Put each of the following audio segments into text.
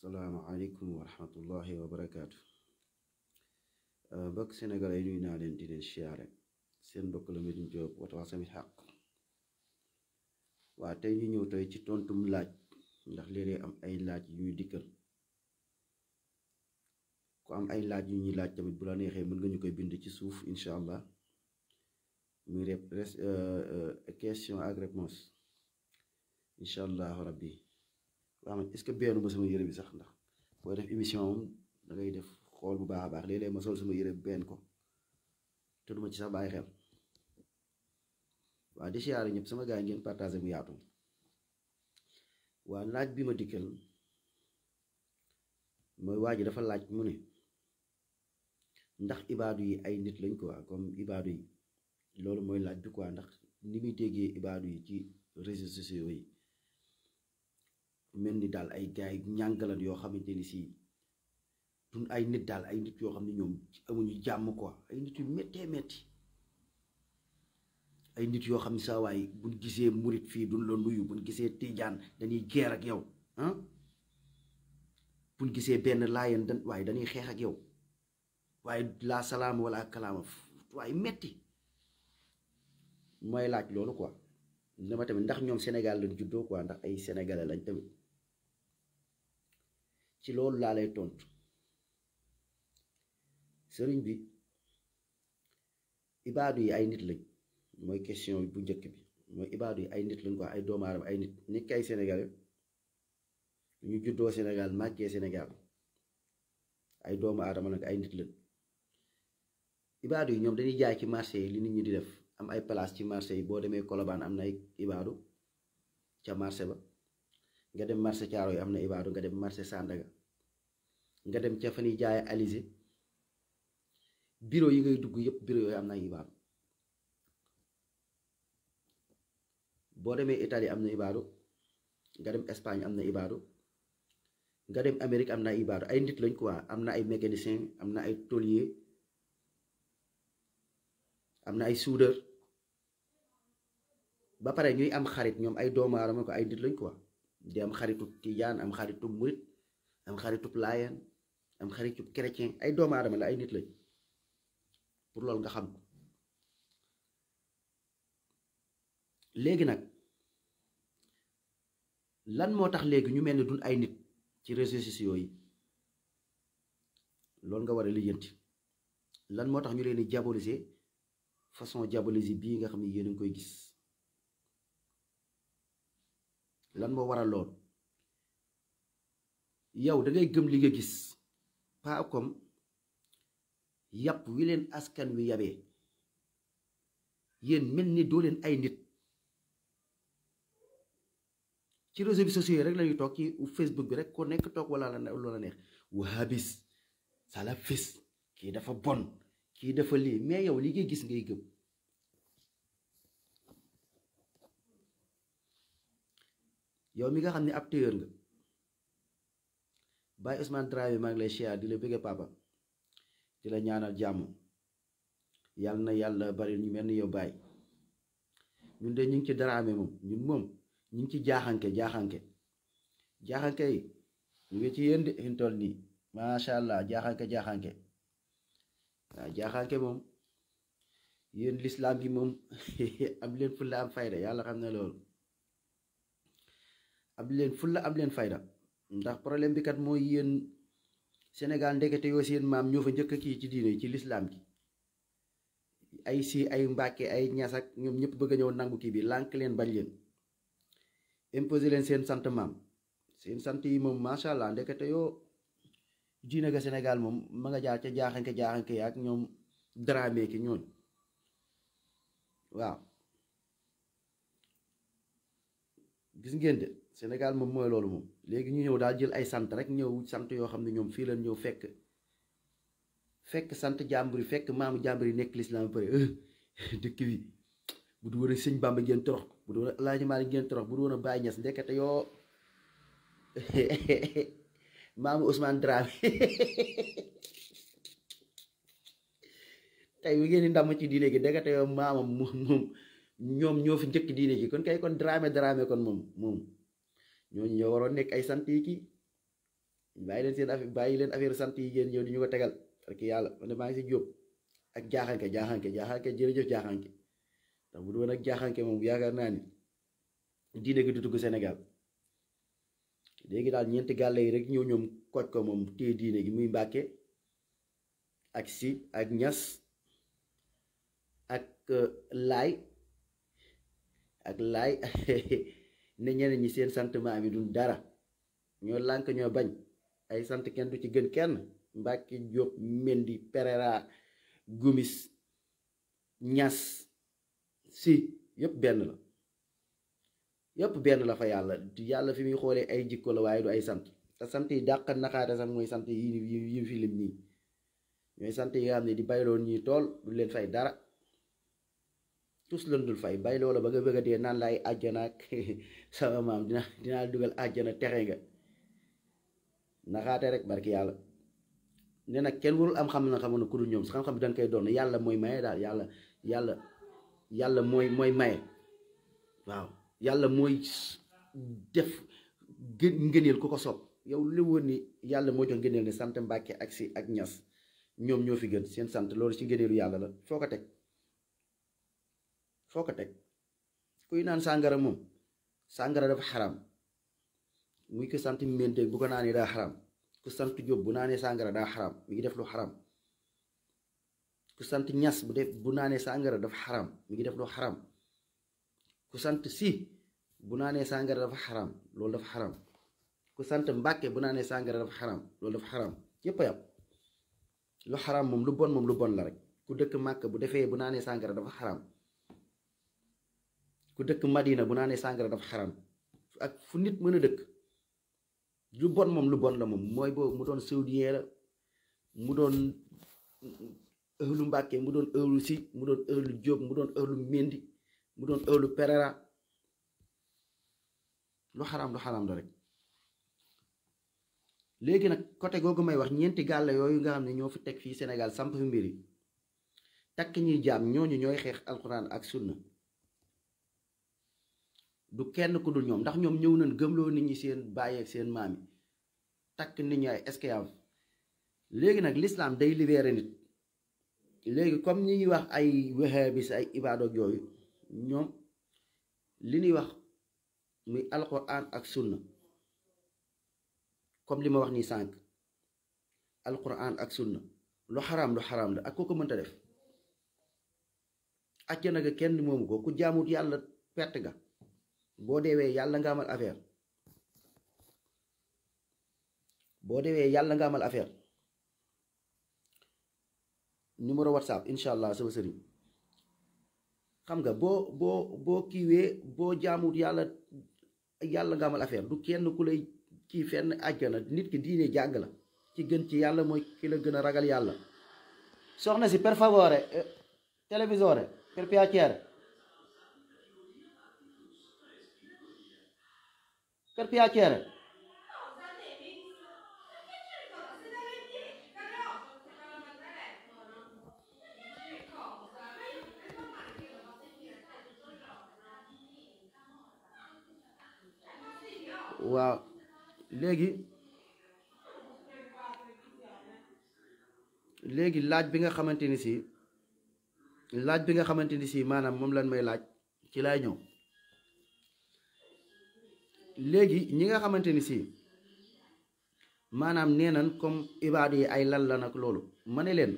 salaamaaleykum wa rahmatullahi wa euh, bokk mbokk Sénégal yi nuyu naa leen di leen siyaare seen mbokk la Medoune Diop Watawasaw Bil waa tey ñu ñëw tey ci tontum laaj ndax léeg am ay laaj yu ñuy dikkal ku am ay laaj yu ñuy laaj tamit bu la neexee mën nga ñu koy bind ci suuf incha allah muy euh, euh, question ak réponse incha allah rabbi waa est-ce que benn ma sama yére bi sax ndax booy def émission moom da def xool bu baax a baax léeg-léeg ma sol sama yére benn ko te duma ci sax bàyyi xel waa di siyaare ñëpp sama gaa yi ngeen partagé mu yaatu waa laaj bi ma dikkal mooy waaj ji dafa laaj mu ne ndax ibaadu yi ay nit lañ ko waa comme ibaadu yi loolu mooy laaj bi quoi ndax ni muy déggee ibaadu yi ci réseaux sociaux yi mel ni daal ay gars yi ñàngalan yoo xamante ni si ay nit daal ay nit yoo xam ne ñoom amuñu jàmm quoi ay nit yu méttee métti ay nit yoo xam ne saa waay buñ gisee murit fii duñ la nuyu buñ gisee tijaan dañuy geer ak yow ah buñ gisee benn laayan dan waaye dañuy xeex ak yow waaye laa salaam wala kalaama waaye metti mooy laaj loolu quoi dama tamit ndax ñoom Sénégal lañ juddoo quoi ndax ay sénégalais lañ tamit ci loolu laa lay tontu sëriñ bi ibaadu yi ay nit lañ mooy question bu njëkk bi mooy ibaadu yi ay nit lañ ko ay doomu aadama ay nit nekk ay sénégalais ñu juddoo Sénégal màccee Sénégal ay doomu aadama nag ay nit lañ ibaadu yi ñoom dañuy jaay ci marché yi li nit ñi di def am ay place ci marché yi boo demee Colobane am na ay ibaadu ca marché ba. nga dem marché caaro yi am na ibaadu nga dem marché Sandaga nga dem ca fa ñuy jaaye Alizé bureau yi ngay dugg yëpp bureau yooyu am na ibaadu boo demee Italie am na ibaadu nga dem Espagne am na ibaadu nga dem Amérique am na ibaadu ay nit lañ quoi am na ay mécanicien am na ay tôlier am na ay suudar ba pare ñuy am xarit ñoom ay doomu aadama ko ay nit lañ quoi di am xaritu tijaan am xaritu murit am xaritu laayeen am xaritu chrétien ay doomu aadama la ay nit lañ pour loolu nga xam ko léegi nag lan moo tax léegi ñu mel ni dun ay nit ci réseaux sociaux yi loolu nga war a lijjanti lan moo tax ñu leen di diaboliser façon diaboliser bii nga xam ne yéen a koy gis lan war a loolu yow da gëm li nga gis pas comme yàpp wi leen askan wi yabee yéen mel ni doo leen ay nit ci réseaux bi sociaux rek lañuy toog ci Facebook bi rek ko nekk toog wala loola neex wahabis fis kii dafa bon kii dafa lii mais yow li ngay gis ngay gëm yow mi nga xam ne ab téyeur nga Baye Ousmane Traoré maa ngi lay siyaar di la papa di la ñaanal jàmm yàlla na yàlla bari ñu mel ni yow Baye ñun de ñu ngi ci daraame moom ñun moom ñu ngi ci jaaxanke jaaxanke jaaxanke yi ñu ngi ci yéen de fi toll nii macha allah jaaxanke jaaxanke waaw jaaxanke moom yéen lislaam gi moom am leen fu la am yàlla xam ne loolu. ab leen fulla am leen fayda ndax problème bi kat mooy yéen senegal ndekete yoo seen maam ñoo fa njëkk kii ci diine ci lislaam gi ay si ay mbàkke ay ñas ak ñoom ñëpp bëgg a ñëw nangu kii bi lànk leen bañ leen imposer leen seen sant maam seen sant yi moom macha allah ndekete yoo diine ga Sénégal moom ma nga jaar ca jaaxanke jaaxanke ak ñoom dramé ki ñooñ waaw gis ngeen de senegal mom moy lolou mom legui ñu ñew daal jël ay sante rek ñew sante yo xamni ñom fi lañ ñew fekk fekk sante jàmbur fekk mamu jàmbur yi l'islam lislaam pare eh, dëkk bi bu du wara señ Bamba gën torox bu du woon a Alaaji Maalik torox bu du woon a Baay ndekata yo mamu usman Ousmane tay wi gën di ndam ci diine gi ndekata yo maamam mom ñom ñoom ñoo fi diine gi kon kay kon Dramé Dramé kon mom mom ñooñu ñoo waroon nekk ay sant yi kii bàyyi leen seen affaire bàyyi leen affaire sant yi ngeen ñëw di ñu ko tegal parce que yàlla man de maa ngi si jóob ak jaaxanke jaaxanke jaaxanke jërëjëf jaaxanke ndax bu doon ak jaaxanke yaakaar naa ni diine gi dugg Sénégal léegi daal ñeenti gàlle yi rek ñëw ñoom koj ko moom téye diine gi muy Mbàkke ak si ak ñas ak euh, laay ak laay ne ñeneen ñi seen sant maam yi duñ dara ñoo lànk ñoo bañ ay sant kenn du ci gën kenn Mbàkke Jóob Mendi Pereira gumis Ñas si yëpp benn la yëpp benn la fa yàlla yàlla fi muy xoolee ay jikko la waaye du ay sant te sant yi dàq naxaate sax mooy sant yi yi yi fi lim ñooy sant yi nga xam ne di bayloo ñii tool du leen fay dara tous lan dul fay bàyyi loola ba nga bëgg a dee naan laay àjjana ak sama maam dina dinaa dugal àjjana tere nga naxaate rek barki yàlla ne nag kenn warul am xam na xamu na ku dul ñoom si xam-xam bi danga koy doon yàlla mooy maye daal yàlla yàlla yàlla mooy mooy maye waaw yàlla mooy def gën ngëneel ku ko soob yow li woon ni yàlla moo jox ngëneel ni sant Mbàkke ak si ak ñas ñoom ñoo fi gën seen sant loolu ci ngëneelu yàlla la foo ko teg foo tek kuy nan sangara moom sangara dafa haram muy ko sante mbénteeg bu ko naanee da haram ku sante job bu naanee sangara da haram mi def lu haram ku sante Ñas bu def bu eh, naanee sangara dafa haram mi def lu haram ku sante Si bu naanee sangara dafa haram, loolu dafa haram. ku sante Mbàkke bu naanee sangara dafa haram, loolu dafa haram. yépp a lu haram, moom lu bon moom lu bon la rek ku dekk makka bu defee bu naanee sangara dafa haram ku dëkk Madina bu naanee sàngara dafa xaram ak fu nit mën a dëkk lu bon moom lu bon la moom mooy boobu mu doon saoudien la mu doon ëhlu Mbàkke mu doon ëhlu si mu doon ëhlu Jóob mu doon ëhlu Mendi mu doon ëhlu Perera lu xaram lu xaraam la rek léegi nag côté googu may wax ñeenti gàll yooyu nga xam ne ñoo fi teg fii Sénégal samp fi mbir yi takk ñuy jaam ñooñu ñooy xeex alxuraan ak sunna du kenn ku dul ñoom ndax ñoom ñëw nañ gëmloo nit ñi seen bàyyeeg seen maam yi takk nit ñi ay esclave léegi nag l'islam day libéré nit léegi comme ñi wax ay wahabis ay ibadoog yooyu ñoom li nuy wax muy alquran ak sunna comme li ma wax nii sànq alquran ak sunna lu xaram lu xaraam la ak koo ko mënta def acca nag kenn moomu ko ku jaamut yàlla perte ga boo deewee yàlla nga amal affaire boo deewee yàlla nga amal affaire numéro whatsapp incha allah sama sëriñ xam nga boo boo boo kiiwee boo jaamut yàlla yàlla nga amal affaire du kenn ku lay kii fenn àjjana nit ki diine jàng la ci gën ci yàlla mooy ki la gën a ragal yàlla soxna si per favore eh, télévisore Per piacere. waaw léegi léegi laaj bi nga xamante ni si laaj bi nga xamante ni si maanaam moom may laaj ci laay ñëw léegi ñi nga xamante ni si maanaam nee nañ comme ibaadu yi ay lan la nag loolu ma ne leen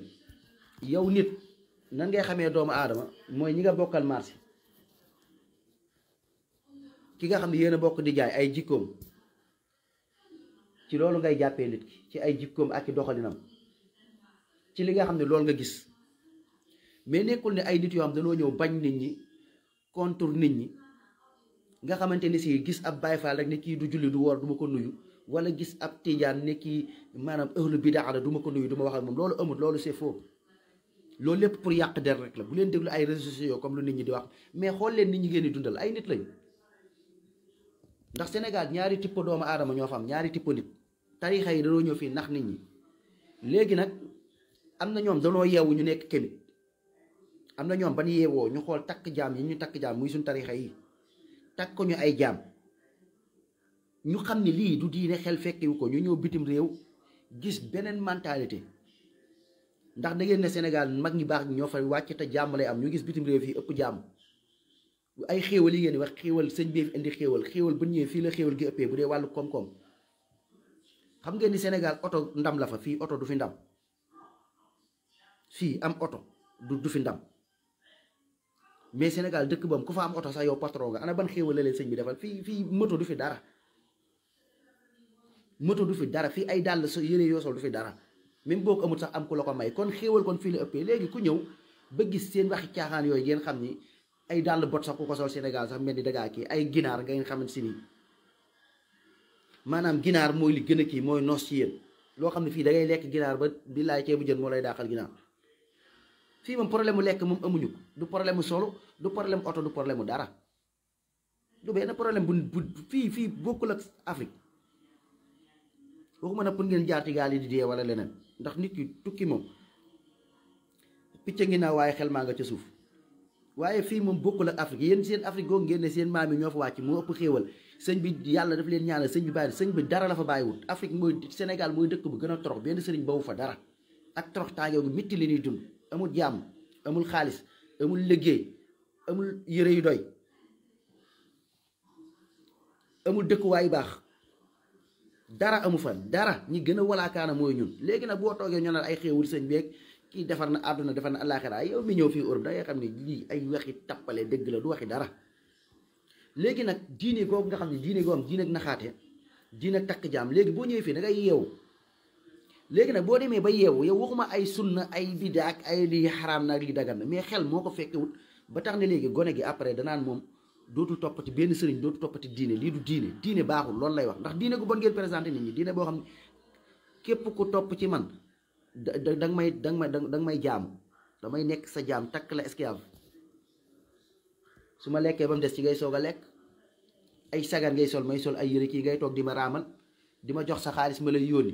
yow nit nan ngay xamee doomu aadama mooy ñi nga bokkal marché ki nga xam ne yéen a bokk di jaay ay jikkoom ci loolu ngay jàppee nit ki ci ay jikkoom ak i doxalinam ci li nga xam ne loolu nga gis mais nekkul ne ay nit yoo xam dañoo ñëw bañ nit ñi contre nit ñi nga xamante ni si gis ab Baay Faal rek ne kii du julli du woor du ma ko nuyu wala gis ab Tijaan ne kii maanaam ahlu bidaa la du ma ko nuyu du ma wax ak moom loolu amul loolu c'est faux loolu lépp pour yàq der rek la bu leen déglu ay réseaux sociaux comme lu nit ñi di wax mais xool leen nit ñi ngeen di dundal ay nit lañu ndax Sénégal ñaari type doomu aadama ñoo fa am ñaari type nit tarixa yi dañoo ñëw fii nax nit ñi léegi nag am na ñoom danoo yeewu ñu nekk kémit am na ñoom ban yeewoo ñu xool takk jaam yi ñu takk jaam muy suñ tarixa yi takku ñu ay jaam ñu xam ne lii du diine xel fekkiwu ko ñu ñëw bitim réew gis beneen mentalité ndax da ne senegal mag ñi baax ñoo fa wàcc te jàmm lay am ñu gis bitim réew fii ëpp jàmm ay xéewal yi ngeen wax xéewal sëñ bi indi xéewal xéewal bu ñëwee fii la xéewal gi ëppee bu dee wàllu koom-koom xam ngeen ni Sénégal oto ndam la fa fii oto du fi ndam fii am oto du du fi ndam mais Sénégal dëkk bam ku fa am oto sax yow patron nga ana ban xéewal la leen sëñ bi defal fii fii moto du fi dara moto du fi dara fii ay dàll so yére yoo sol du fi dara même boo ko amul sax am ku la ko may kon xéewal kon fii la ëppee léegi ku ñëw ba gis seen waxi caaxaan yooyu ngeen xam ni ay dàll bot sax ku ko sol Sénégal sax mel ni dagaa kii ay ginaar ngeen xamante si ni maanaam ginaar mooy li gën a kii mooy noos ci yéen loo xam ne fii da ngay lekk ginaar ba di laay ceebu jën moo lay daaxal ginaar fii moom problème mu lekk moom amuñu ko du problème mu solo du problème oto du problème mu dara du benn problème bu bu fii fii bokkul ak Afrique waxuma nag pour ngeen jaar ci gaal di dee wala leneen ndax nit ki tukki moom picc ngi naa waaye xel maa nga ca suuf waaye fii moom bokkul ak Afrique yéen seen Afrique googu ngeen seen maam yi ñoo fa wàcc moo ëpp xéewal sëñ bi yàlla daf leen ñaanal sëñ bi bàyyi sëñ bi dara la fa bàyyiwut Afrique mooy Sénégal mooy dëkk bu gën a torox benn sëriñ bawu fa dara ak torox taagoo gi métti li ñuy amul jàmm amul xaalis amul liggéey amul yére yu doy amul dëkkuwaay baax dara amu fa dara ñi gën a walaakaana mooy ñun léegi nag boo toogee ñu naan ay xéewul sëñ beeg kii defar na àdduna defar na àllaaxira yow mi ñëw fii Europe da ngay xam ne lii ay waxi tappale dëgg la du waxi dara léegi nag diine googu nga xam ne diine googu am diine ak naxaate diine ak takk jaam léegi boo ñëwee fii dangay ngay léegi nak bo démé ba yeewu yow waxuma ay sunna ay bida ak ay li haram na li dagan na mais xel moko fekké wut ba tax né légui goné gi après da danaan moom dootul toppati benn sëriñ dootul toppati diiné li du diiné diiné baaxul lool lay wax ndax diiné gu bon ngeen présenté nit ñi diiné bo xamni képp ku top ci man dang may dang may dang may jaam damay nekk sa jaam tak la esclave suma ma bam dess ci ngay soga a ay sagar ngay sol may sol ay yëre ki ngay tok dima ramal dima jox sa xaaliss ma lay yoni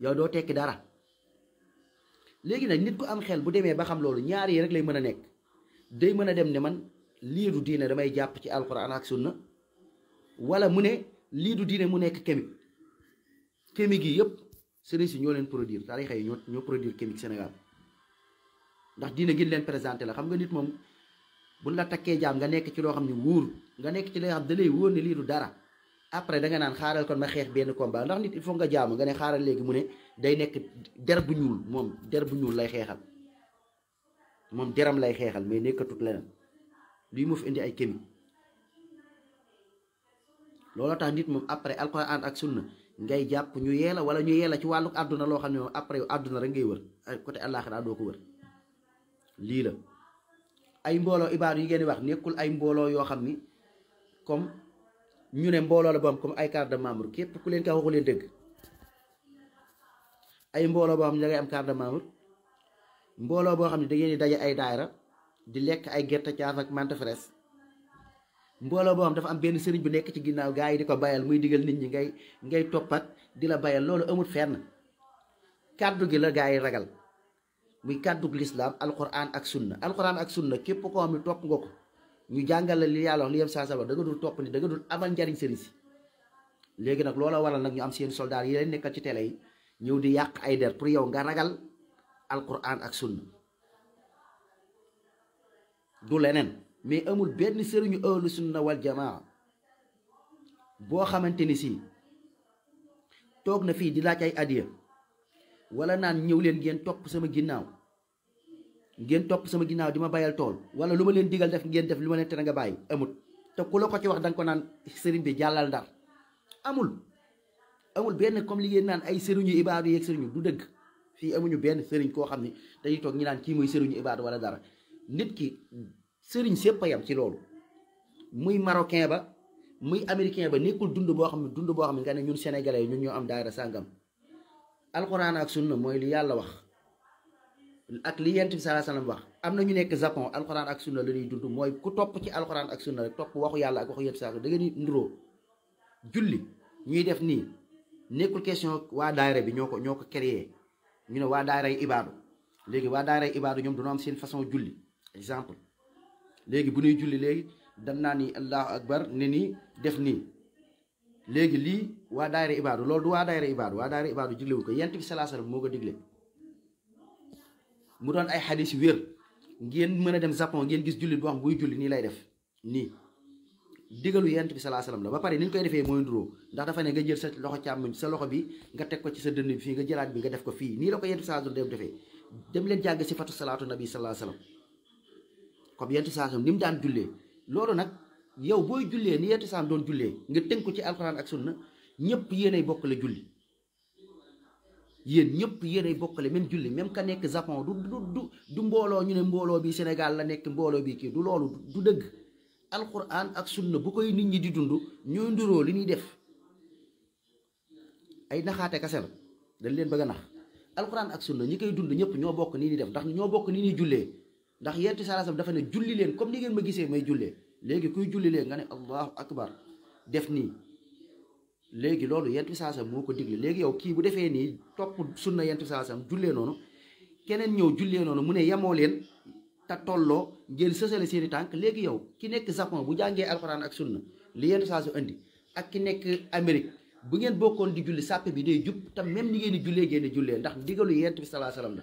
yow do tekki dara legui nak nit ku am xel bu deme ba xam loolu ñaar yi rek lay mën nek nekk day dem ne man li du diine damay japp ci alquran ak sunna wala mu ne lii du diine mu nek kemi kemi gi yep sëriñ ci ñoo leen produire tarixa yi ñoo ñoo produire chimique senegal ndax diine gi leen présenté la xam nga nit mom buñ la takkee jam nga nek ci lo xamni ne nga nek ci lay xam dalay woné li du dara après da naan xaaral kon ma xeex benn combat ndax nit il faut nga jaamu nga ne xaaral léegi mu ne day nekk der bu ñuul moom der bu ñuul lay xeexal moom deram lay xeexal mais nekkatut leneen luy mu indi ay kémi looloo tax nit moom après alquran ak sunna ngay jàpp ñu la wala ñu yeela ci wàllu àdduna loo xam ne moom après yow àdduna rek ngay wër côté àllaaxira doo ko wër lii la ay mbooloo ibaar yu ngeen di wax nekkul ay mbooloo yoo xam ni ñu ne mbooloo la boo am comme ay carte de membre képp ku leen ka waxu leen dëgg ay mbooloo boo xam ne da ngay am carte de mbooloo boo xam ne da ngeen di daje ay daayra di lekk ay gerte caaf ak mante fraise mbooloo boo xam dafa am benn sëriñ bu nekk ci ginnaaw gaa yi di ko bayal muy digal nit ñi ngay ngay toppat di la bayal loolu amul fenn kàddu gi la gaa yi ragal muy kàddu lislaam alquran ak sunna alquran ak sunna képp koo xam ne topp nga ko ñu jàngale li yàlla wax yem saa sa da dul topp ni da nga dul amal njariñ sëriñ si léegi nag loola waral nag ñu am seen soldaar yi leen nekkal ci télé yi ñëw di yàq ay der pour yow nga ragal alquran ak sunna du leneen mais amul benn sëriñu ahlu sunna wal jamaa boo xamante ni si toog na fii di laaj ay adiya wala naan ñëw leen ngeen topp sama ginnaaw ngeen topp sama ginnaaw di ma bayal tool wala lu ma leen digal def ngeen def lu ma leen tere nga bàyyi amut te ku la ko ci wax danga ko naan sëriñ bi jàllal ndar amul amul benn comme li ngeen naan ay sëriñu ibaadu yeeg sëriñu du dëgg fii amuñu benn sëriñ koo xam ne dañuy toog ñi naan kii muy sëriñu ibaadu wala dara nit ki sëriñ sépp yam ci loolu muy marocain ba muy américain ba nekkul dund boo xam ne dund boo xam ne nga ne ñun sénégalais ñun ñoo am daayira sàngam alxuraan wax ak li yent bi sallallahu alayhi wasallam wax am na ñu nekk japon alxuraan ak sunna la ñuy dund mooy ku topp ci alxuraan ak sunna rek topp waxu yàlla ak waxu yent saa da ngeen nduroo julli ñuy def nii nekkul question waa daayira bi ñoo ko ñoo ko créé ñu ne waa daayira yi ibaadu léegi waa daayira yi ibaadu ñoom dañoo am seen façon julli exemple léegi bu ñuy julli léegi dan naa ni allahu akbar ne nii def nii léegi lii waa daayira ibaadu loolu du waa daayira ibaadu waa daayira ibaadu diglewu ko yent bi sallallahu alayhi wasallam moo ko digle mu doon ay xadis yu wér ngeen mën a dem Japon ngeen gis jullit boo xam buy julli nii lay def nii digalu yent bi salaa salaam la ba pare ni ñu koy defee mooy nduróo ndax dafa ne nga jël sa loxo càmmoñ sa loxo bi nga teg ko ci sa dënn bi fii nga jëlaat bi nga def ko fii nii la ko yent bi salaa dem defee dem leen jàgg si fatu salaatu nabi salaa salaam comme yent bi salaa salaam ni mu daan jullee loolu nag yow booy jullee ni yent bi salaam doon nga tënk ko ci alxuraan ak sunna ñëpp yéenay bokk la julli yéen ñëpp yéenay bokkale même julli même ka nekk Japon du du du ñu ne mbooloo bi Sénégal la nekk mbooloo bi kii du loolu du dëgg alquran ak sunna bu koy nit ñi di dund ñooy nduroo li ñuy def ay naxaate kase dañ leen bëgg nax alquran ak sunna ñi koy dund ñëpp ñoo bokk ni ñuy def ndax ñoo bokk ni ñuy jullee ndax yenti salaasam dafa ne julli leen comme ni ngeen ma gisee may jullee léegi kuy julli nga ne allahu akbar def nii léegi loolu yent bi saasam moo ko digle léegi yow kii bu defee nii topp sunna yent bi saasam jullee noonu keneen ñëw jullee noonu mu ne yemoo leen ta tolloo ngeen sësale seeni tànk léegi yow ki nekk Japon bu jàngee alxuraan ak sunna li yent bi saasam indi ak ki nekk Amérique bu ngeen bokkoon di julli sàppe bi day jub te même ni ngeen di jullee ngeen di jullee ndax digalu yent bi salaa salaam la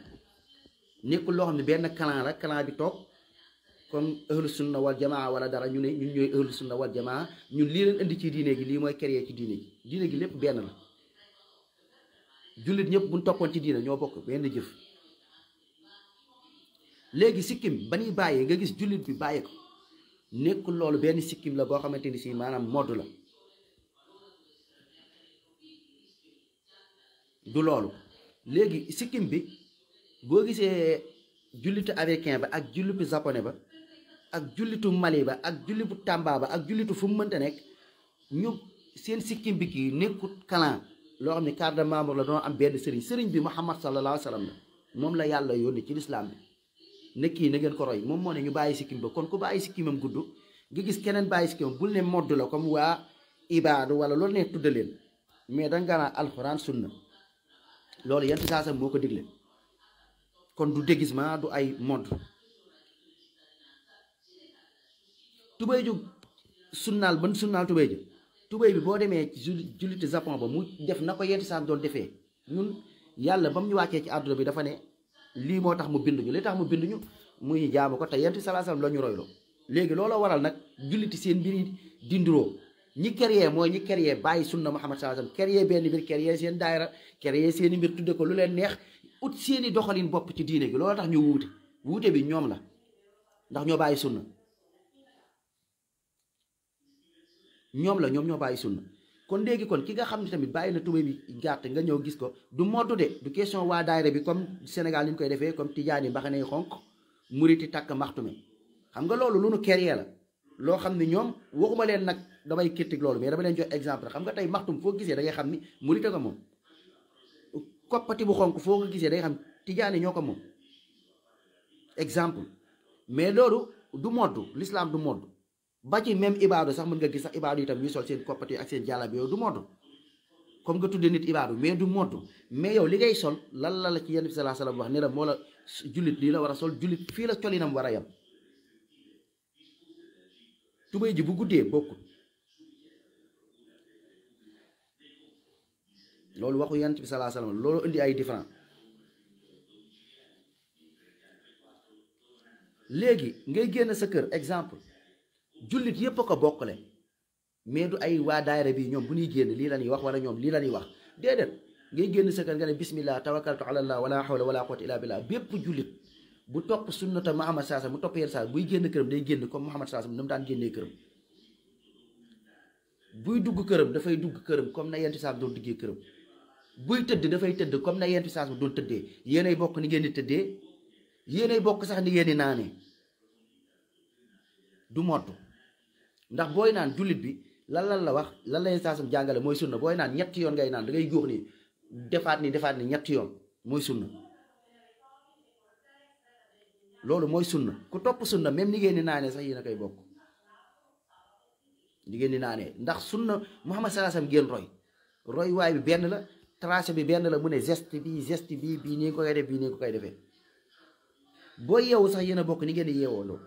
nekk loo xam ne benn clan la clan bi toog comme ahlu na wal jamaa wala dara ñu ne ñun ñooy ahlu sunna wal jamaa ñun lii leen indi ci diine gi lii mooy créer ci diine gi diine gi lépp benn la jullit ñëpp buñ toppoon ci diine ñoo bokk benn jëf léegi sikkim ba ñuy bàyyee nga gis jullit bi bàyyi ko nekkul loolu benn sikkim la boo xamante ni si maanaam modd la du loolu léegi sikkim bi boo gisee jullit américain ba ak jullitu japonais ba ak jullitu Mali ba ak jullitu Tamba ba ak jullitu fu mu mënta nekk ñu seen sikkim bi kii nekkut kalan loo xam ne carte de membre la doon am benn sëriñ sëriñ bi Muhammad sallallahu alayhi wa sallam la moom la yàlla yoon yónni ci lislaam bi ne kii na ngeen ko roy moom moo ne ñu bàyyi sikkim ba kon ku bàyyi sikkimam gudd gi gis keneen bàyyi sikkimam bul ne modd la comme waa ibaadu wala loolu ne tudda leen mais danga naa alxuraan sunna loolu yenn saa sax moo ko digle kon du ay modd tubéy ju sunnaal ban sunnaal tubéy ju tubéy bi boo demee ci jullit japon ba mu def na ko yenti saan doon defee ñun yàlla ba mu ñu wàccee ci àdduna bi dafa ne lii moo tax mu bind ñu li tax mu bind ñu muy jaamu ko te yenti salaa salaam loo ñu royloo léegi looloo waral nag julliti seen mbir yi dinduroo ñi créé mooy ñi créé bàyyi sunna Muhammad salaa salaam créé benn mbir créé seen daayira créé seen i mbir tudde ko lu leen neex ut seeni i doxalin bopp ci diine gi looloo tax ñu wuute wuute bi ñoom la ndax ñoo bàyyi sunna ñoom la ñoom ñoo bàyyi sunna kon léegi kon ki nga xam ne tamit bàyyi na tubéy bi gàtt nga ñëw gis ko du moddu de du question waa daayira bi comme Sénégal ni koy defee comme tijaani mbaxane xonk muriti takk maxtume xam nga loolu lu nu créé la loo xam ne ñoom waxuma leen nag damay critique loolu mais dama leen jox exemple xam nga tey maxtum foo gisee dangay xam ni murite ko moom koppati bu xonk foo gisee da ngay xam tijaani ñoo ko moom exemple mais loolu du moddu lislaam du moddu ba ci même ibaadu sax mën nga gis sax ibaadu itam ñuy sol seen koppati ak seen jàllab yooyu du moddu comme nga tuddee nit ibaadu mais du moddu mais yow li ngay sol lan la la ci yenn bi salaa salaam wax ne la moo la jullit lii sol jullit fii la colinam war a yem tubéy ji bu guddee bokkut loolu waxu yant bi salaa salaam loolu indi ay différent léegi ngay génn sa kër exemple julit yépp ko bokkale mais du ay waa daayira bi ñoom bu ñuy génn lii la ñuy wax wala ñoom lii la ñuy wax déedéet ngay génn sa kër nga ne bismillah tawakkaltu ala allah wala hawla wala quwwata illa billah bépp jullit bu topp sunnata Muhammad saasa mu topp yenn saa buy génn këram day génn comme Muhammad saasa ni mu daan génnee këram buy dugg këram dafay dugg këram comme na yenti saas doon duggee këram buy tëdd dafay tëdd comme na yenti saas doon tëddee yéenay bokk ni ngeen di tëddee yéenay bokk sax ni ngeen di naanee du mottu ndax booy naan jullit bi lan lan la wax lan la saasam jàngale mooy sunna booy naan ñetti yoon ngay naan da ngay góor ni defaat ni defaat ni ñetti yoon mooy sunna loolu mooy sunna ku topp sunna même ni ngeen di naanee sax yéen a koy bokk ni ngeen di naanee ndax sunna Muhammad salaasam ngeen roy roy waay bi benn la tracé bi benn la mu ne geste bi geste bi bii nii nga koy def bii nii nga koy defee boo yeewu sax yéen a bokk ni ngeen di yeewoo loolu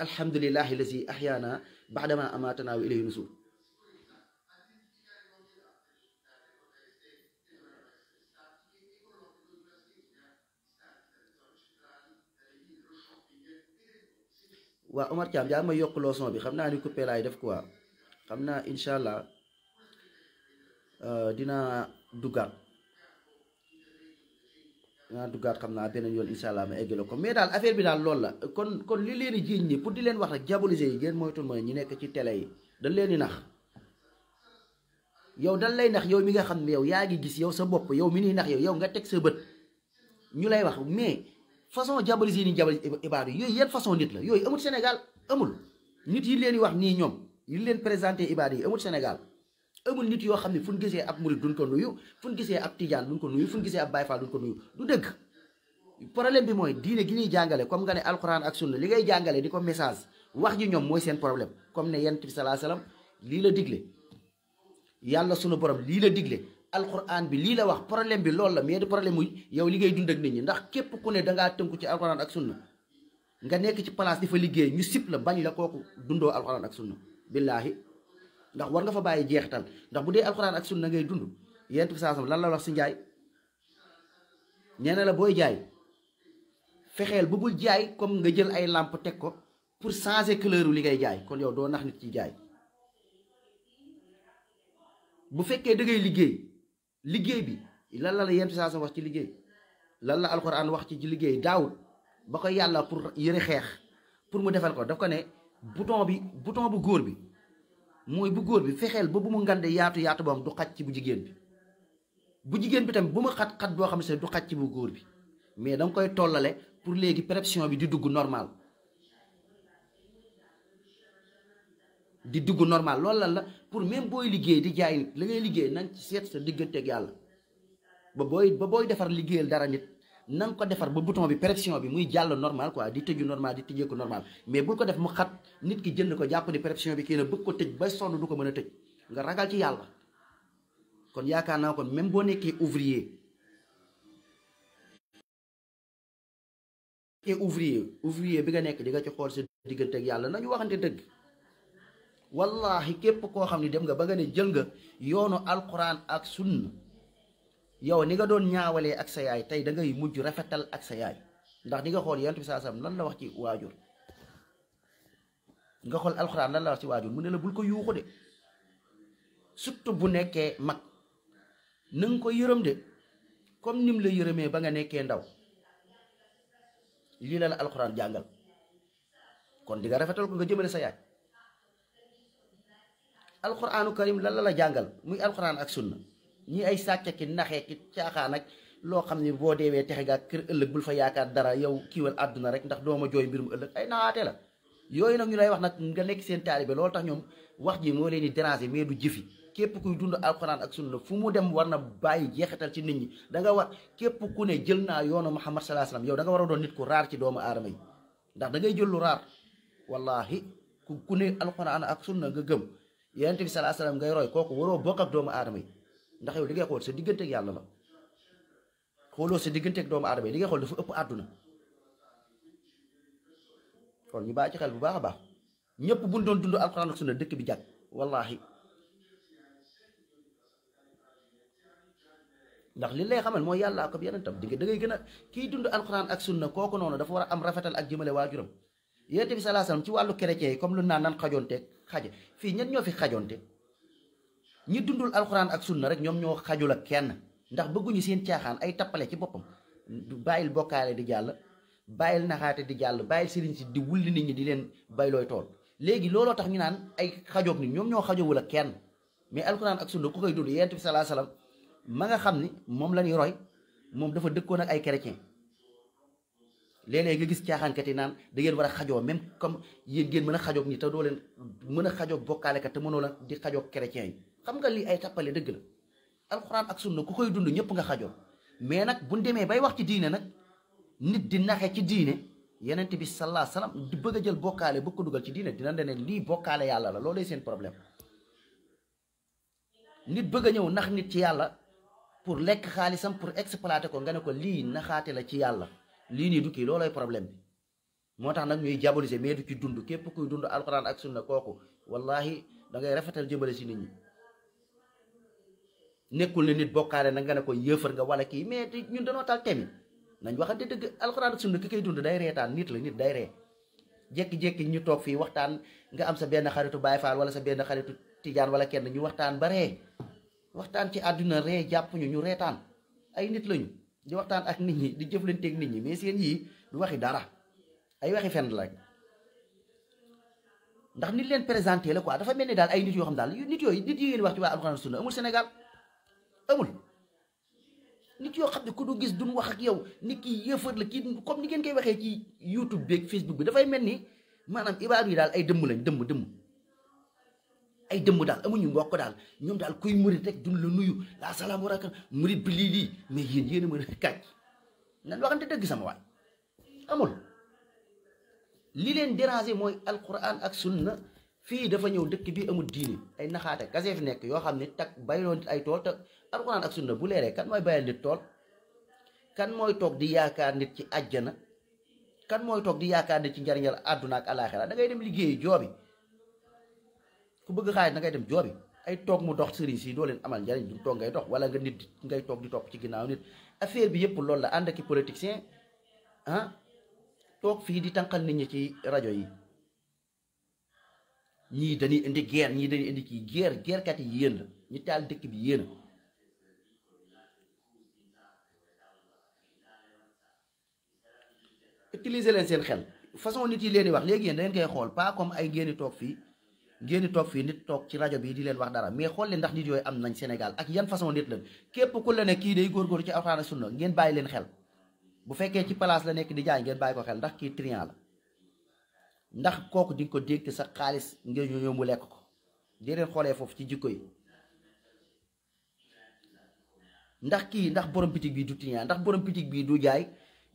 alhamdulillahi lazi ahyaana baadama amaatana wa ilayhi nusur waaw Omar Thiam yaa may yokk leçon bi xam naa ni coupé laay def quoi xam naa incha allah euh, dinaa duggaat danaa duggaat xam naa beneen yoon incha allah ma eggale ko mais daal affaire bi daal loolu la kon kon li leen di ñi pour di leen wax rek diaboliser yi ngeen moytu mooy ñi nekk ci télé yi dañ leen nax yow dan lay nax yow mi nga xam ne yow yaa ngi gis yow sa bopp yow mi niy nax yow yow nga teg sa bët ñu lay wax mais façon diaboliser ni diaboliser ibaadu yooyu yan façon nit la yooyu amul senegal amul nit yi leen wax nii ñoom yi leen présenté ibaadu yi amul Sénégal amul nit yoo xam ne fu ñu gisee ab murid duñ ko nuyu fu ñu gisee ab tijaan duñ ko nuyu fu ñu gisee ab bayfaal duñ ko nuyu du dëgg problème bi mooy diine gi ñuy jàngale comme nga ne alxuraan ak sunna li ngay jàngale ko message wax ji ñoom mooy seen problème comme ne yent bi salaa salaam lii la digle yàlla sunu borom lii la digle alxuraan bi lii la wax problème bi loolu la mais du problème yow li ngay dund ak nit ñi ndax képp ku ne dangaa tënku ci alxuraan ak sunna nga nekk ci place di fa liggéey ñu sib la bañ la kooku dundoo alxuraan ak sunna billaahi ndax war nga fa bàyyi jeexital ndax bu dee alxuraan ak na ngay dund yent bi saasam lan la wax si njaay nee la booy jaay fexeel bu bul jaay comme nga jël ay làmp teg ko pour changer couleur li ngay jaay kon yow doo nax nit ci jaay bu fekkee da ngay liggéey liggéey bi lan la la yent bi saasam wax ci liggéey lan la alxuraan wax ci liggéey daawut ba ko yàlla pour yëre xeex pour mu defal ko daf ko ne buton bi bouton bu góor bi mooy bu góor bi fexeel ba bu mu ngande yaatu yaatu boom du xaj ci bu jigéen bi bu jigéen bi tamit bu ma xat xat boo xam ne du xaj ci bu góor bi mais danga koy tollale pour léegi perception bi di dugg normal di dugg normal lool lan la pour même booy liggéey di jaay nit la ngay liggéey nañ ci seet sa digganteeg yàlla ba booy ba booy defar liggéeyal dara nit nanga ko defar ba bouton bi pression bi muy jàll normal quoi di tëju normal di tëjee ko normal mais bul ko def mu xat nit ki jënd ko jàpp ni pression bi kii na bëgg ko tëj ba sonn du ko mën a tëj nga ragal ci yàlla yaakaar naa kon même boo nekkee ouvrier te ouvrier bi nga nekk di nga ci xool sa diggante ak yàlla nañu waxante dëgg wallahi képp koo xam ni dem nga ba nga ne jël nga yoonu alquran ak sunna yow ni nga doon ñaawale ak sa yaay tay da ngay mujj rafetal ak sa yaay ndax ni nga xol yent sallam lan la wax ci wajur nga xol alquran lan la wax ci wajur mu ne la bul ko yuuxu de surtout bu nekké mak nang ko yeureum de comme nim la yeureume ba nga nekké ndaw li la alquran jangal kon di nga rafetal ko nga jëmele sa yaay alquranu karim lan la la jàngal muy alquran ak sunna ñii ay sàcc ki naxee ki caaxaan nag loo xam ni boo deewee texe gaa kër ëllëg bul fa yaakaar dara yow kiiwal àdduna rek ndax dooma jooy mbirum ëllëg ay naxaate la yooyu nag ñu lay wax nag nga nekk seen taalibe loolu tax ñoom wax ji moo leen di déranger mais du jëfi képp kuy dund alxuraan ak sunna fu mu dem war na bàyyi jeexital ci nit ñi da nga war képp ku ne jël naa yoonu Muhammad salaa salaam yow da nga war a doon ku raar ci doomu aadama ndax da ngay jël lu raar wallahi ku ku ne alxuraan ak sunna nga gëm yonent bi salaa salaam ngay roy kooku waroo bokk ak doomu aadama yi ndax yow li ngay xool sa digganteeg yàlla la xooloo sa digganteeg doomu aadama yi li xool dafa ëpp àdduna kon ñu bàyyi xel bu baax a baax ñëpp buñ doon dund alxuraan ak sunna dëkk bi jàkk wallaahi ndax li lay xamal mooy yàlla ko yeneen tam di nga da ngay gën a kiy dund alxuraan ak sunna kooku noonu dafa war am rafetal ak jëmale waajuram yonent bi salaa salaam ci wàllu kere yi comme lu naan naan xajonte xaj fii ñen ñoo fi xajonte ñi dundul alxuraan ak sunna rek ñoom ñoo xaju la kenn ndax bëgguñu seen caaxaan ay tappale ci boppam du bàyyil bokkaale di jàll bàyyil naxaate di jàll bàyyil sëriñ si di wulli nit ñi di leen bay looy tool léegi looloo tax ñu naan ay xajoog nit ñoom ñoo xajowul ak kenn mais alxuraan ak sunna ku koy dund yent bi salaa salaam ma nga xam ni moom la ñuy roy moom dafa dëkkoon ak ay chrétien léeg-léeg nga gis caaxaankat yi naan da ngeen war a xajoo même comme yéen ngeen mën a xajoog ñi te leen mën a xajoog bokkaalekat te la di xajoog chrétien yi xam nga li ay tapale deug la alquran ak sunna ku koy dund ñepp nga xajjo mais nak buñ démé bay wax ci diiné nak nit di naxé ci diiné yenente bi sallallahu alayhi wasallam di bëgg jël bokalé ko duggal ci diiné dina né li bokalé yalla la lolé seen problème nit bëgg ñëw nax nit ci yalla pour lek xaalisam pour exploiter ko nga ne ko li naxaté la ci yalla li ni du ki problem problème bi motax nak ñuy diaboliser mais du ci dund képp kuy dund alquran ak sunna koku wallahi da ngay rafetal di ci nit nekul ni nit bokkaale na nga ne ko yeufar nga wala ki mais ñun dañu tal temi nañ waxante deug alcorane sunna ki kay dund day reetaan nit la nit day ree jekki-jekki ñu tok fi waxtaan nga am sa ben xaritu Baay Faal wala sa ben xaritu tidiane wala kenn ñu waxtaan ba ree waxtaan ci aduna ree japp ñu ñu reetaan ay nit lañu di waxtaan ak nit ñi di ak nit ñi mais seen yi du waxi dara ay waxi fenn la ndax nit leen présenté la quoi dafa melni dal ay nit yo xam dal nit yo nit yi wax ci wa alcorane sunna amul senegal amul nit yoo xam ne ko du gis duñ wax ak yow nit ki yëfër kii comme ni ngeen koy waxee ci YouTube beeg Facebook bi dafay mel ni maanaam ibaadu yi daal ay dëmm lañ dëmm dëmm ay dëmm daal amuñu mbokk daal ñoom daal kuy murit rek duñ la nuyu la salaamu bi lii lii mais yéen yéen a mën a kàcc nan waxante dëgg sama waay amul li leen déranger mooy alquran ak sunna fii dafa ñëw dëkk bi amul diini ay naxaate kase fi nekk yoo xam ne tag bay loon ay tool alquran ak sunna bu leeree kan moy bayal nit tol kan moy tok di yaakaar nit ci aljana eh? kan moy tok di yaakaar nit ci njariñal aduna ak alakhirah da ngay dem liggéeyi jobi ku bëgg xaalis da ngay dem jobi ay tok mu dox serigne ci do len amal njariñ du tok ngay dox wala nga nit ngay tok di tok ci ginaaw nit affaire bi yëpp lool la and ak politicien ah tok fi di tankal nit ñi ci rajo yi ñi dañuy indi guerre ñi dañuy indi ci guerre kat yi yeen la ñu taal bi yeen utiliser len sen xel façon nit yi len wax legui yeen da koy xool pas comme ay ngeen tok fi fii ngeen di toog nit tok ci radio bi di len wax dara mais xol leen ndax nit yoy am nañ Sénégal ak yan façon nit lañ kep ku la ne ki day gor ci alcorane sunna ngeen bayi len xel bu fekke ci place la nek di jaay ngeen bayi ko xel ndax ki triant la ndax koku di ko deg sa xaalis ngeen ñu ñu mu lek ko di len xolé fofu ci jikko yi ndax ki ndax borom pitik bi du triant ndax borom pitik bi du jaay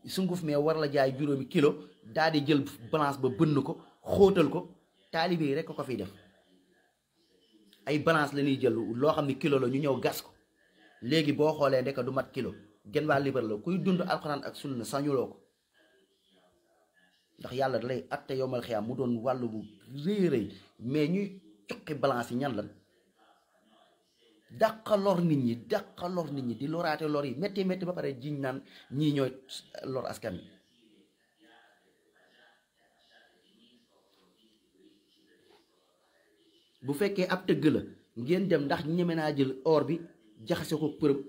sunguf mais war la jaay juróomi kilo daal di jël balance ba bënn ko xóotal ko taalibe yi rek ko fiy def ay balance la ñuy jël loo xam ne kilo la ñu ñëw gas ko léegi boo xoolee ndeka du mat kilo gën waa libar la kuy dund alxuraan ak sunna sañuloo ko ndax yàlla da lay atte yomal xiyaam mu doon wàll bu rëy rëy mais ñuy cuqi balance ñan lan dàqa nit ñi dàqa nit ñi di loraate lor yi métti métti ba pare jiñ naan ñii ñooy lor askan wi bu fekkee ab tëgg la ngeen dem ndax ñeme naa jël oor bi jaxase ko përëm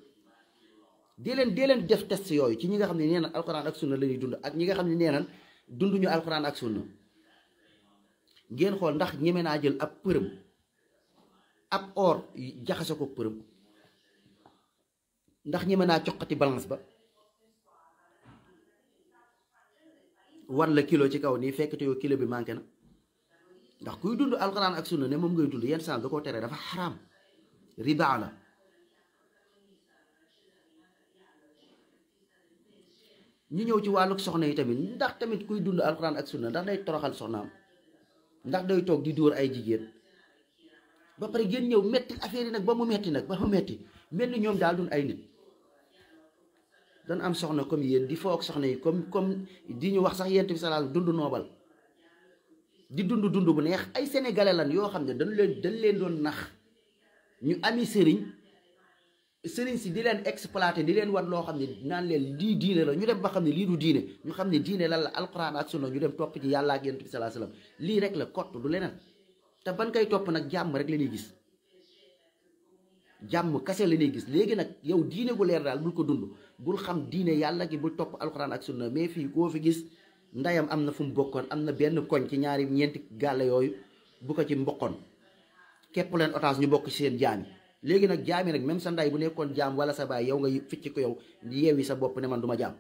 dee leen dee leen def test yooyu ci ñi nga xam ne nee naan alxuraan ak sunna la dund ak ñi nga xam ne nee naan dunduñu alxuraan ak sunna ngeen xool ndax ñeme naa jël ab përëm. ab or jaxaso ko përëm ndax ñi mëna ciokati balance ba war la kilo ci kaw ni fekk te yo kilo bi manké na ndax kuy dund alquran ak sunna ne mom ngay dund yeen sans dako téré dafa haram riba la ñu ñew ci wàlluk soxna yi tamit ndax tamit kuy dund alquran ak sunna ndax day toroxal soxnaam ndax day tok di door ay jigeen ba pare ngeen ñëw metti affaire nag ba mu metti nag ba mu metti mel ni ñoom daal duñ ay nit am soxna comme yéen di foog soxna yi comme comme di ñu wax sax yent bi salaal dund noobal di dund dund bu neex ay sénégalais lan yoo xam ne dañ leen dañ leen doon nax ñu ami sëriñ sëriñ si di leen exploité di leen wan loo xam ne naan leen lii diine la ñu dem ba xam ne lii du diine ñu xam ne diine lan la alquran ak sunna ñu dem topp ci yàllaa ak yent bi salaam lii rek la kott du leneen te ban kay topp nag jàmm rek la ñuy gis jàmm kase la ñuy gis léegi nag yow diine gu leer daal bul ko dund bul xam diine yàlla gi bul topp alxuraan ak sunna mais fii koo fi gis ndeyam am na fu mu bokkoon am na benn koñ ci ñaari ñeenti gàlla yooyu bu ko ci mbokkoon képp leen otage ñu bokk ci seen jaami léegi nag jaami nag même sa nday bu nekkoon jaam wala sa baay yow nga ficc ko yow yeewi sa bopp ne man du ma jaam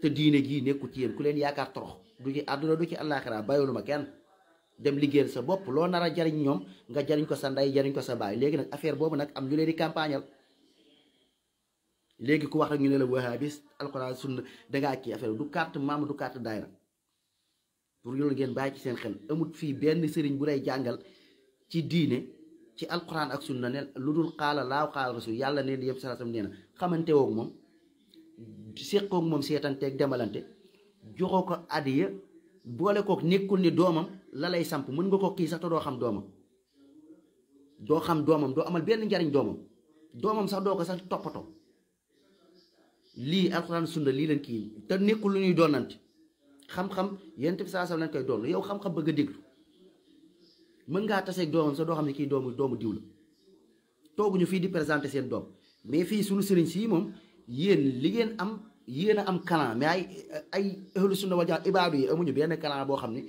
te diine gii nekkul ci yéen ku leen yaakaar torox du ci àdduna du ma kenn dem liguel sa bop lo nara a jariñ ñoom nga jariñ ko sa nday jariñ ko sa bay legi nak affaire bobu nak am ñu leen di campagnal legi ku wax ak ñu leen wahabis alquran sunna nga kii affaire du carte maam du carte daira pour loolu ngeen bay ci seen xel amut fi benn sëriñ bu lay jangal ci diine ci alquran ak sunna ne lu qala la qala rasul yalla ne yeb salaasam neena xamante wok mom sekkok mom demalante joxoko adiya boole kook nekkul ni doomam la lay samp mën nga ko kii sax te doo xam doomam doo xam doomam doo amal benn njariñ doomam doomam sax doo ko sax toppatoo lii alxuraan sunna lii leen kii te nekkul lu ñuy doonante xam-xam yent bi saa sam lañ koy doon yow xam-xam bëgg a déglu mën ngaa taseeg doomam sax doo xam ne kii doomu doomu diw la tooguñu fii di présenter seen doom mais fii suñu sëriñ sii moom yéen li ngeen am yéen am clan mais ay ay ahlu sunna wal ibaadu yi amuñu benn clan boo xam ni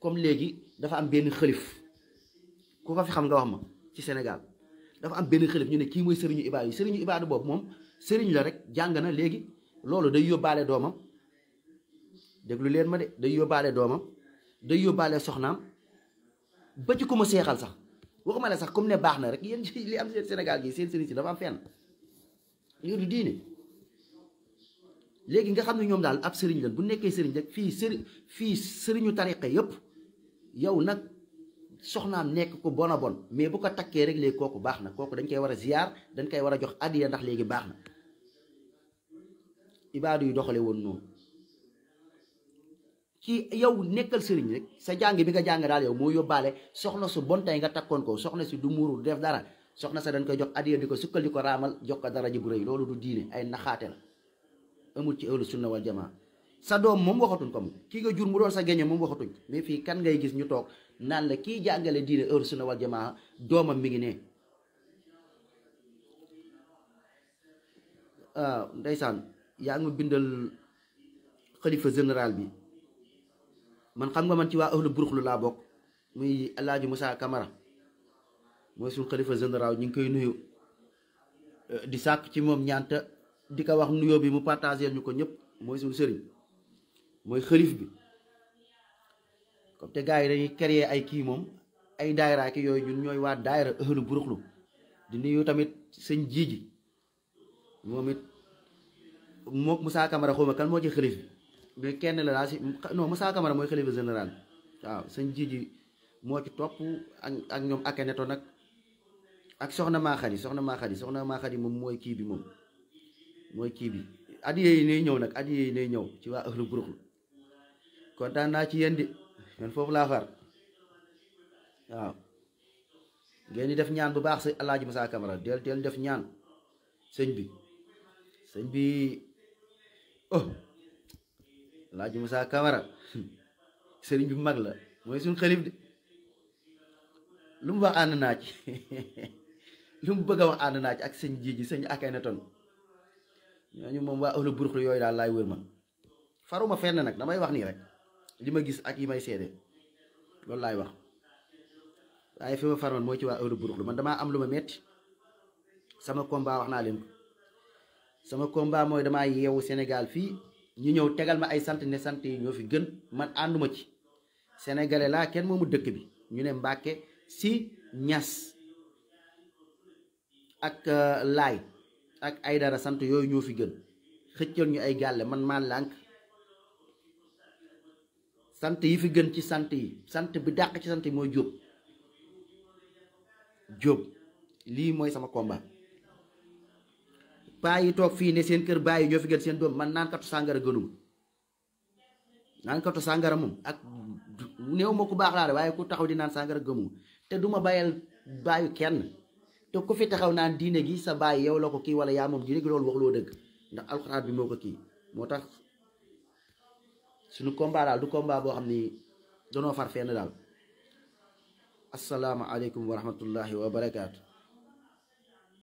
comme léegi dafa am benn xalif ku ko xam nga ma ci Sénégal dafa am benn xalif ñu ne kii mooy sëriñu ibaadu yi sëriñu ibaadu boobu moom sëriñ la rek jàng na léegi loolu day yóbbaale doomam déglu leen ma de day yóbbaale doomam day yóbbaale soxnaam ba ci ku ma seexal sax waxuma la sax comme ne baax na rek yéen li am seen Sénégal gi seen sëriñ si dafa am fenn yooyu diine léegi nga xam ne ñoom daal ab sëriñ lan bu nekkee sëriñ rek fii sëriñ fii sëriñu tariqa yëpp yow nag soxnaam nekk ko bon a bon mais bu ko takkee rek léegi kooku baax na kooku dañ koy war a ziyaar dañ koy war a jox addiya ndax léegi baax na ibaadu yu doxale woon noonu ci yow nekkal sëriñ rek sa jàng bi nga jàng daal yow yóbbaale soxna su bon nga takkoon ko soxna si du muuru def dara soxna sa dañ koy jox addiya di ko sukkal di ko raamal jox ko dara ji bu rëy loolu du diine ay naxaate la amul ci ahlu sunna wal jamaa sa doom moom waxatuñ ko mu kii nga jur mu doon sa géño moom waxatuñ mais fii kan ngay gis ñu toog naan la kii jàngale diine ahlu sunna wal jamaa doomam mi ngi ne ah ndeysaan yaa ngi ma bindal xalifa général bi man xam nga man ci waa ahlu buruxlu laa bokk muy El Hadj Moussa kamara mooy suñu xalifa général ñu ngi koy nuyu eh, di sàkk ci moom ñaanta di ko wax nuyoo bi mu partagé ñu ko ñëpp mooy suñu sëriñ mooy xalif bi comme te gars yi dañuy créer ay kii moom ay daayra ki yooyu ñun ñooy waa daayra ëxlu buruxlu di nuyu tamit sëñ jiiji moom it mook Moussa Camara xawma kan moo ci xalif bi mais kenn la laa si non Moussa Camara mooy xalifa général waaw sëñ jiji moo ci topp ak ak ñoom Akeneto nag ak soxna Maaxadi soxna Maaxadi soxna Maaxadi moom mooy kii bi moom mooy kii bi adiya yi nay ñëw nag adiya yi nay ñëw ci waa ëxlu groupe kontaan naa ci yéen di man foofu laa far waaw ngeen def ñaan bu baax sëñ Alaaji Moussa kamara del del def ñaan sëñ bi sëñ bi oh Alaaji Moussa Camara sëriñ bi mag la mooy suñ xalif de lu mu wax ànd naa ci lu mu bëgg a wax ànd naa ak sëñ jii sëñ akay na ton moom waa ahlu burux yooyu daal laay wër man faruma fenn nag damay wax nii rek li ma gis ak yi may seede loolu laay wax waaye fi ma mooy ci waa ahlu burux man damaa am lu ma metti sama combat wax naa leen sama combat mooy damaa yeewu Sénégal fii ñu ñëw tegal ma ay sant ne sant yi ñoo fi gën man ànduma ci sénégalais laa kenn moomu dëkk bi ñu ne Mbàkke si ñas ak euh, laay ak ay dara sant yoy ñoo fi gën xëccël ñu ay galle man ma lank sant yi fi gën ci sant yi sant bi dakk ci sant moy job job li moy sama combat paa yi toog fii ne seen kër bàyyi ñoo fi gën seen doom man nan katu sangara gënum nan katu sangara mum ak neew mako baax laa ku taxaw di nan sangara gëmu te duma bayal bayu kenn te ku fi taxaw naan diine gi sa baay yow la ko kii wala yaa moom diine gi loolu wax loo dëgg ndax alxuraan bi moo ko kii moo tax suñu combat daal du combat boo xam ni danoo far fenn daal asalaamaaleykum wa rahmatullahi wa barakaatu.